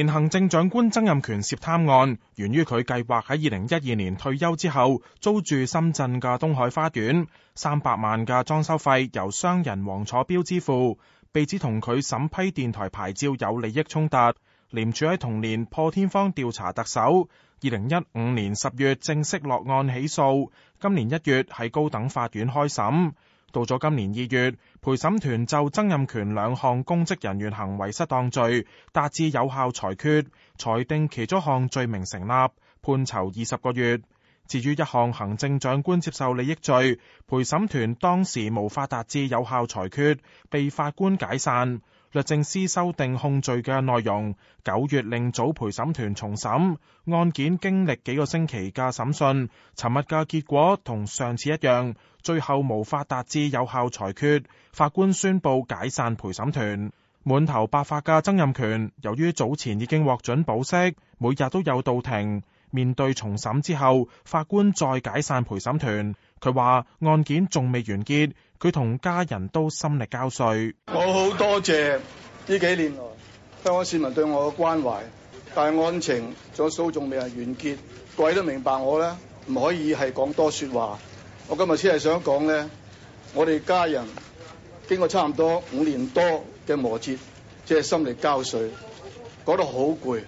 前行政長官曾蔭權涉貪案，源於佢計劃喺二零一二年退休之後租住深圳嘅東海花園，三百萬嘅裝修費由商人黃楚標支付，被指同佢審批電台牌照有利益衝突，廉署喺同年破天荒調查特首，二零一五年十月正式落案起訴，今年一月喺高等法院開審。到咗今年二月，陪審團就曾蔭權兩項公職人員行為失當罪達至有效裁決，裁定其中項罪名成立，判囚二十個月。至於一項行政長官接受利益罪，陪審團當時無法達至有效裁決，被法官解散。律政司修訂控罪嘅內容，九月令早陪審團重審案件，經歷幾個星期嘅審訊。尋日嘅結果同上次一樣，最後無法達至有效裁決，法官宣布解散陪審團。滿頭白髮嘅曾蔭權，由於早前已經獲准保釋，每日都有到庭。面對重審之後，法官再解散陪審團。佢話案件仲未完結，佢同家人都心力交瘁。我好多謝呢幾年來香港市民對我嘅關懷，但係案情仲有訴訟仲未係完結，各位都明白我咧，唔可以係講多說話。我今日先係想講咧，我哋家人經過差唔多五年多嘅磨折，即係心力交瘁，講到好攰，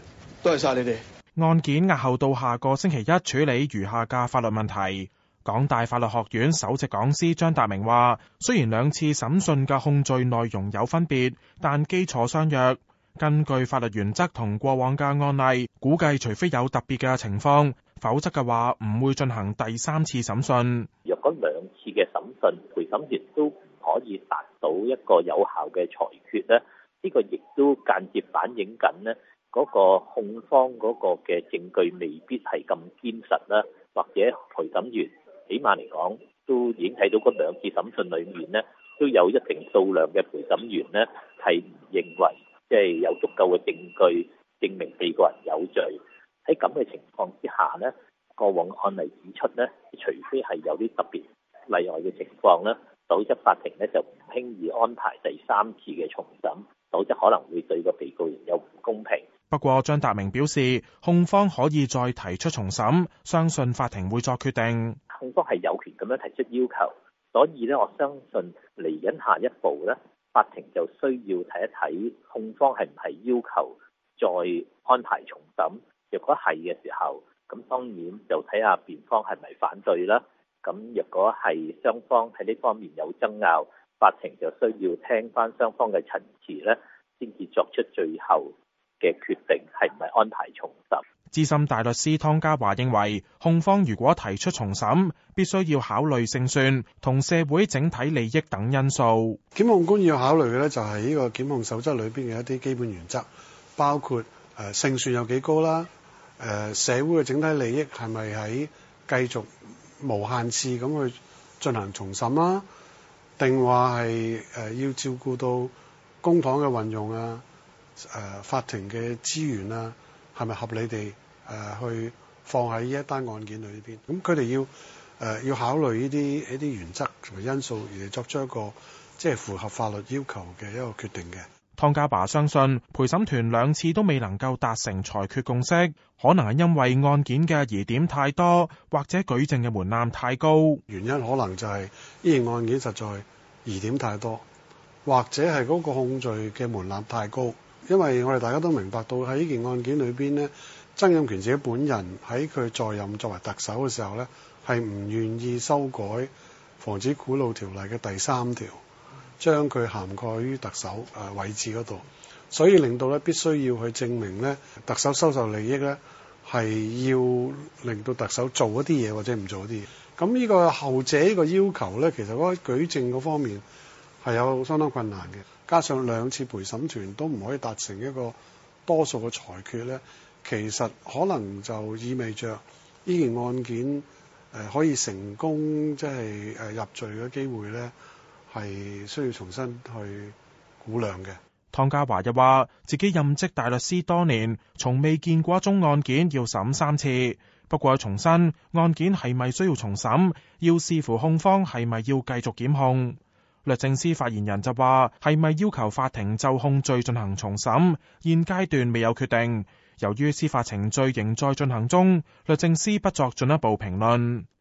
多謝晒你哋。案件押後到下個星期一處理餘下嘅法律問題，港大法律學院首席講師張達明話，雖然兩次審訊嘅控罪內容有分別，但基礎相若，根據法律原則同過往嘅案例，估計除非有特別嘅情況，否則嘅話唔會進行第三次審訊。若果兩次嘅審訊陪審員都唔可以達到一個有效嘅裁決咧，呢、呢個亦都間接反映緊咧。嗰個控方嗰個嘅證據未必係咁堅實啦，或者陪審員，起碼嚟講都已經睇到嗰兩次審訊裏面咧，都有一定數量嘅陪審員咧係唔認為即係有足夠嘅證據證明被告人有罪。喺咁嘅情況之下咧，過往案例指出咧，除非係有啲特別例外嘅情況咧，否則法庭咧就唔輕易安排第三次嘅重審，否則可能會對個被告人有唔公平。不過，張達明表示，控方可以再提出重審，相信法庭會作決定。控方係有權咁樣提出要求，所以咧，我相信嚟緊下，下一步咧，法庭就需要睇一睇控方係唔係要求再安排重審。若果係嘅時候，咁當然就睇下辯方係咪反對啦。咁若果係雙方喺呢方面有爭拗，法庭就需要聽翻雙方嘅陳詞咧，先至作出最後嘅決定係唔係安排重審？資深大律師湯家驊認為，控方如果提出重審，必須要考慮勝算同社會整體利益等因素。檢控官要考慮嘅咧，就係呢個檢控守則裏邊嘅一啲基本原則，包括誒勝算有幾高啦，誒社會嘅整體利益係咪喺繼續無限次咁去進行重審啦？定話係誒要照顧到公帑嘅運用啊？誒、啊、法庭嘅資源啦、啊，係咪合理地誒、啊、去放喺依一單案件裏邊？咁佢哋要誒、啊、要考慮呢啲依啲原則同埋因素，而作出一個即係、就是、符合法律要求嘅一個決定嘅。湯家驊相信陪審團兩次都未能夠達成裁決共識，可能係因為案件嘅疑點太多，或者舉證嘅門檻太高。原因可能就係呢件案件實在疑點太多，或者係嗰個控罪嘅門檻太高。因為我哋大家都明白到喺呢件案件裏邊呢，曾蔭權自己本人喺佢在任作為特首嘅時候呢，係唔願意修改防止賄賂條例嘅第三條，將佢涵蓋於特首誒位置嗰度，所以令到咧必須要去證明呢，特首收受利益呢係要令到特首做一啲嘢或者唔做一啲嘢。咁呢個後者呢個要求呢，其實嗰個舉證嗰方面，係有相當困難嘅，加上兩次陪審團都唔可以達成一個多數嘅裁決呢，其實可能就意味著呢件案件可以成功，即係入罪嘅機會呢，係需要重新去估量嘅。湯家驊又話：自己任職大律師多年，從未見過一宗案件要審三次。不過，又重申，案件係咪需要重審，要視乎控方係咪要繼續檢控。律政司發言人就話，係咪要求法庭就控罪進行重審？現階段未有決定。由於司法程序仍在進行中，律政司不作進一步評論。